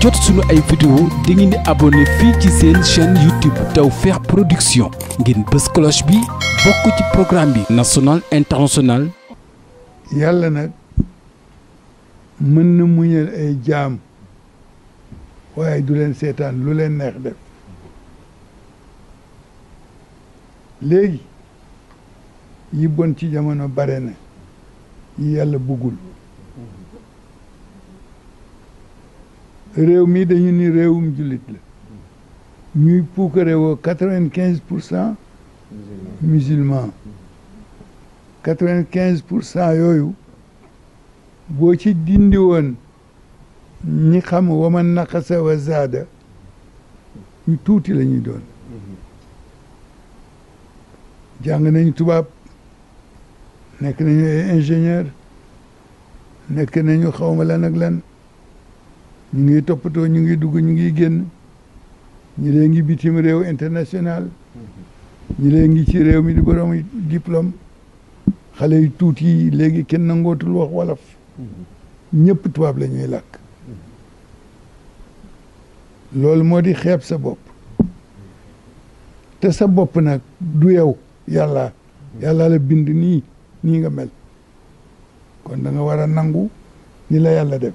jot suñu ay vidéo da ngeen di abonné fii ci seen chaîne YouTube Tawfekh Production ngeen bës cloche bi bokk ci programme bi national international yàlla nag mën na muñal ay jaam waaye du leen seetaan lu leen neex def léegi yi bon ci jamono bare na yi yàlla bëggul réew mi dañu ni réewum jullit la ñuy puukare woo quatre-vingt-quinze pour cent musulman quatre-vingt-quinze pour cent yooyu boo ci dindi woon ñi xam wama naqasa wa zaada ñu tuuti la ñuy doon jàng nañ tubaab nekk nañu ingénieur nekk nañu xawma lan ak lan ñu ngi toppatoo ñu ngi dugg ñu ngi génn ñu lee ngi bitim réew international ñu lee ngi ci réew mi di borom diplôme xale yu tuuti yi léegi kenn nangootul wax wolof ñëpp tubaab la ñuy làkk loolu moo di xeeb sa bop te sa bopp nag du yow yàlla yàlla la bind nii nii nga mel kon danga nga war a nangu ni la yàlla def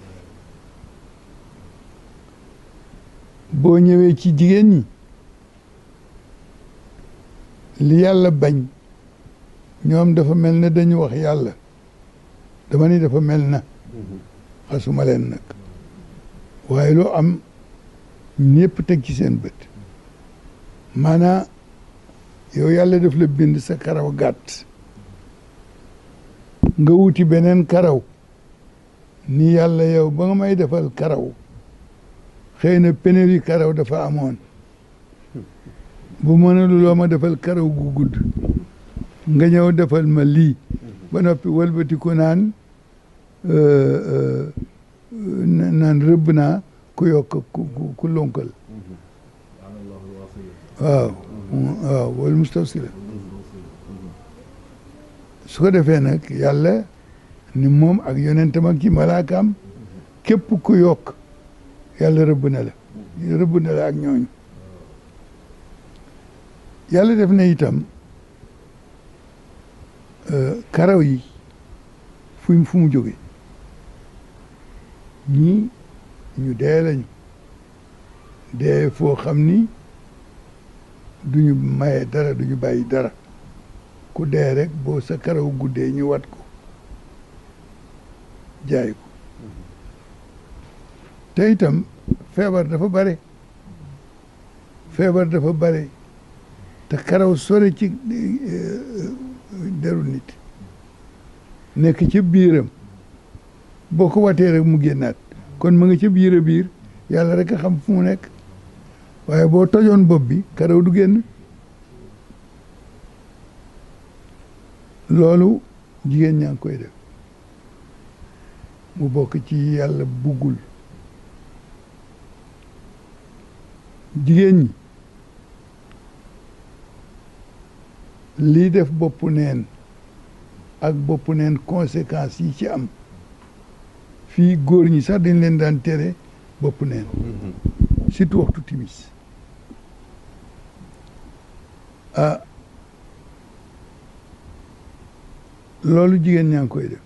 boo ñëwee ci jigéen ñi li yàlla bañ ñoom dafa mel ne dañu wax yàlla dama ni dafa mel na xasuma leen nag waaye loo am ñëpp teg ci seen bët maanaa yow yàlla daf la bind sa karaw gàtt nga wuti beneen karaw ni yàlla yow ba nga may defal karaw xëy na pénurie karaw dafa amoon bu mënuloo ma defal karaw gu gudd nga ñëw defal ma lii ba noppi wëlbatiku naan euh, euh, naan rëbb naa ku yokk ku lonkal waaw waaw wala mustawsila su ko defee nag yàlla ni moom ak yonentam ak ci malaakaam képp ku yokk yàlla rëbb na la rëbb na la ak ñooñu yàlla def na itam euh, karaw yi fuñ fu mu jóge ñii ñu dee lañu dee foo xam ni duñu maye dara duñu bàyyi dara ku dee rek boo sa karaw guddee ñu wat ko jaay te itam feebar dafa bari feebar dafa bare te karaw sore ci eh, deru nit nekk ci biiram boo ko watee rek mu génnaat kon mu ngi ci biir a yàlla rek a xam fu mu nekk waaye boo tojoon bopp bi karaw du génn loolu jigéen ñaa ngi koy def mu bokk ci yàlla buggul jigéen ñi lii def boppu neen ak boppu neen conséquences yi ci am fii góor ñi sax dañ leen daan tére boppu neen mm-hmm. surtout waxtu timis ah loolu jigéen ñaa ngi koy def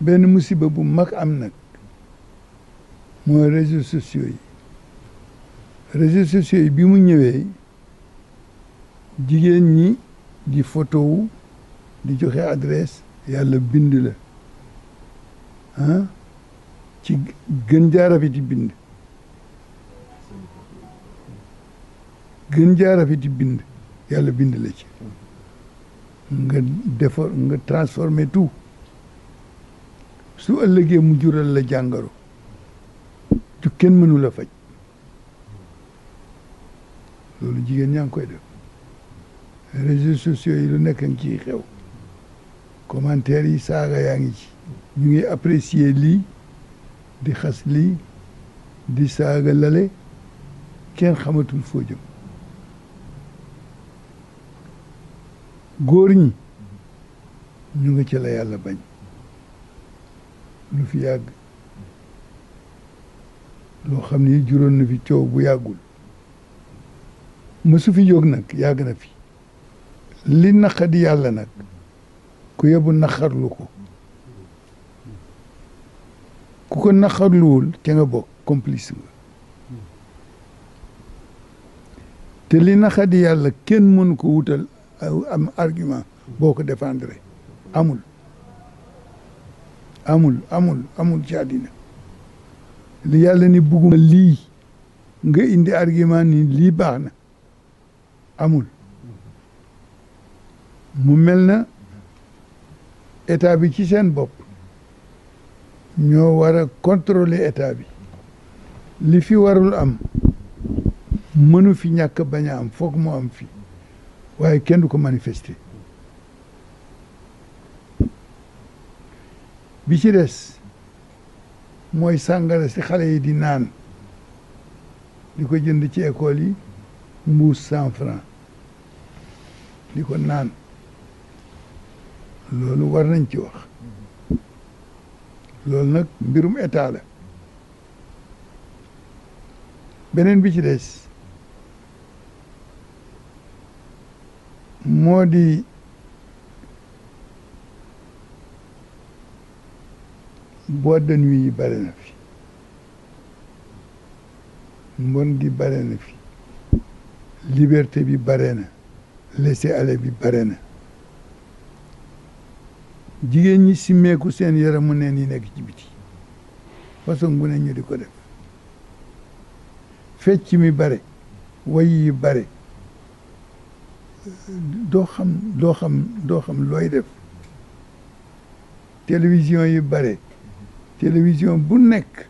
benn musiba bu mag am nag mooy réseaux sociaux yi réseaux sociaux yi bi mu ñëwee jigéen ñi di photo wu di joxe adresse yàlla bind la ah ci gën jaarafeti bind gën jaarafeti bind yàlla bind la ci nga defar nga transformer tout su ëllëgee mu jural la jàngoro ju kenn mënu la faj loolu jigéen ñaa ngi koy def réseaux sociaux yi lu nekk ngi ciy xew commentaires yi saaga yaa ngi ci ñu ngi apprécier lii di xas lii di saaga lale kenn xamatul foo jëm góor ñi ñu nga ci la yàlla bañ lu fi yàgg loo xam ni juróon na fi coow bu yàggul mësu fi jóg nag yàgg na fi li naqadi yàlla nag ku yebu naqarlu ko ku ko naqarluwul ca nga bokk complice te li naqadi yàlla kenn mënu ko wutal am argument boo ko défendre amul amul amul amul ci yàlla ni bugguma lii nga indi argument ni lii baax na amul mu mel na état bi ci seen bopp ñoo war a contrôler état bi li fi warul am mënu fi ñàkk bañ a am foog mu am fi waaye kenn du ko manifester bi ci des mooy sàngara si xale yi di naan di ko jënd ci école yi mbuus cent franc di ko naan loolu war nañ ci wax loolu nag mbirum état beneen bi ci des moo di boîte de nuit yi bare na fi mbon gi bare na fi liberté bi bare na laisser-aller bi bare na jigéen ñi simmeeku seen yaramu ne yi nekk ci biti façon bu ne ñu di ko def fecc mi bare way yi bare doo xam doo xam doo xam looy def télévision yi bare télévision bu nekk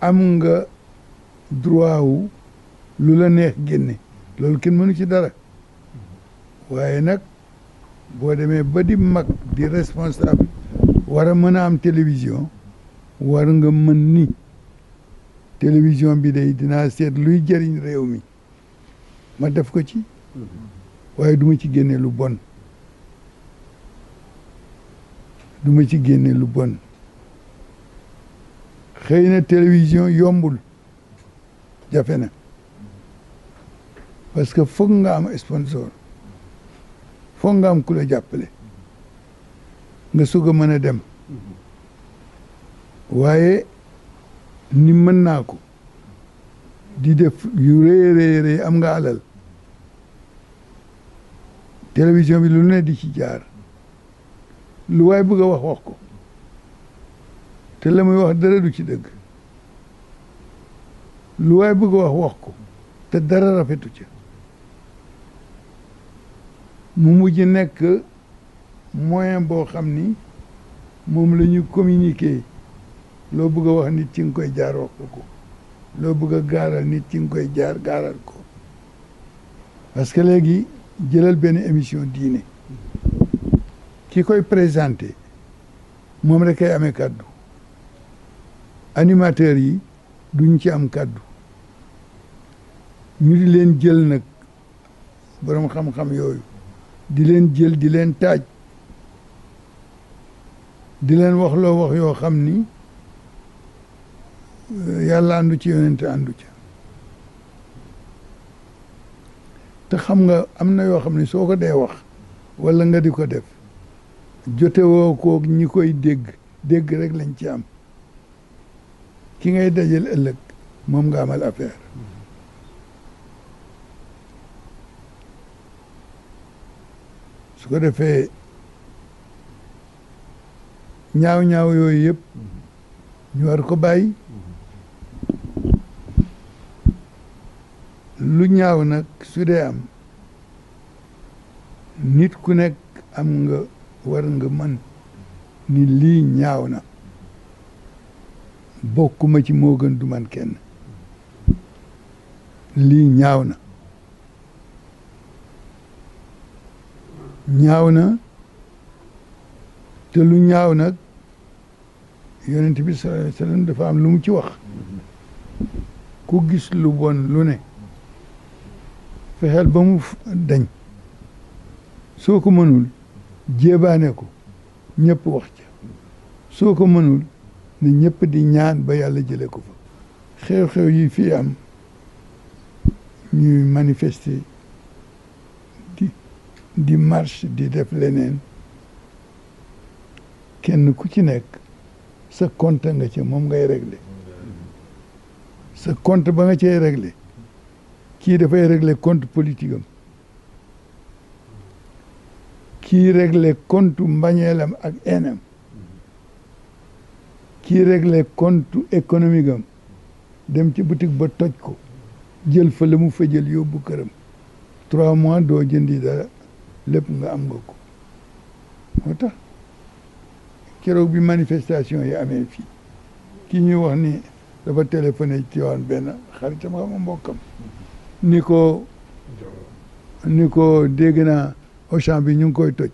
am nga droit lu la neex génne loolu kenn mënu ci dara waaye nag boo demee ba di mag di responsable wara a mën a am télévision war nga mën ni télévision bi day dinaa seet luy jëriñ réew mi ma def ko ci waaye du ci génne lu bon duma ci génne lu bon xëy na télévision yombul jafe na parce que foog nga am sponsor foog nga am ku la jàppale nga sog a mën a dem waaye ni mën naa ko di def yu rëy rëy am nga alal télévision bi lu ne di ci jaar lu waay bëgg a wax wax ko te la muy wax dara du ci dëgg lu waay bëgg wax wax ko te dara rafetu ca mu mujj nekk moyen boo xam ni moom la ñu communiquer loo bëgg a wax nit ci nga koy jaar wax ko loo bëgg a gaaral nit ci nga koy jaar gaaral ko parce que léegi jëlal benn émission diine ki koy présenté moom rek ay amee kàddu animateurs yi duñ ci am kàddu ñu di leen jël nag boroom xam-xam yooyu di leen jël di leen taaj di leen wax loo wax yoo xam ni euh, yàlla àndu ci yonente àndu ci te xam nga am na yoo xam ne soo ko dee wax walla nga di ko def jotewoo ko ñi koy dégg dégg rek lañ ci am ki ngay dajal ëllëg moom nga amal affaire su ko defee ñaaw-ñaaw yooyu yëpp ñu war ko bàyyi lu ñaaw nag sudee am nit ku nekk am nga war nga man ni lii ñaaw na bokkuma ci moogën gën du man kenn lii ñaaw na ñaaw na te lu ñaaw nag yonent bi sallallahu alayhi dafa am lu mu ci wax ku gis lu bon lu ne fexeel ba mu dañ soo ko mënul jéebaane ko ñëpp wax ca soo ko mënul na ñëpp di ñaan ba yàlla jëlee ko fa xew-xew yi fii am ñuy manifester di di marche di def leneen kenn ku ci nekk sa compte nga ci moom ngay régler sa compte ba nga cee régler kii dafay régler compte politique am kii régler compte mbañeelam ak eenam kii réglé compte économique am dem ci boutique ba toj ko jël fa la mu fa jël yóbbu këram trois mois doo jëndi dara lépp nga am nga ko moo tax keroog bi manifestation yi amee fii ki ñuy wax ni dafa téléphoné ci Tiwaawan benn xaritam xama mbokkam ni ko ni ko dégg naa Auchan bi ñu ngi koy toj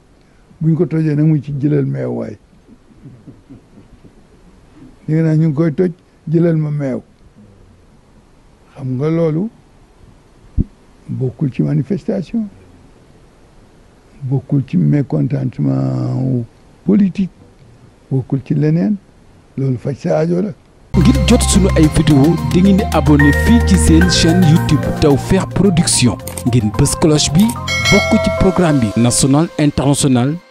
buñ ko tojee nag mu ci jëlal meew waay ñu naa ñu ngi koy toj jëlal ma meew xam nga loolu bokkul ci manifestation bokkul ci mécontentement wu politique bokkul ci leneen loolu faj sa aajo la ngir jot sunu ay vidéo di ngeen di fii ci seen chaîne YouTube Tawfekh Production ngeen bës cloche bi bokk ci programme bi national international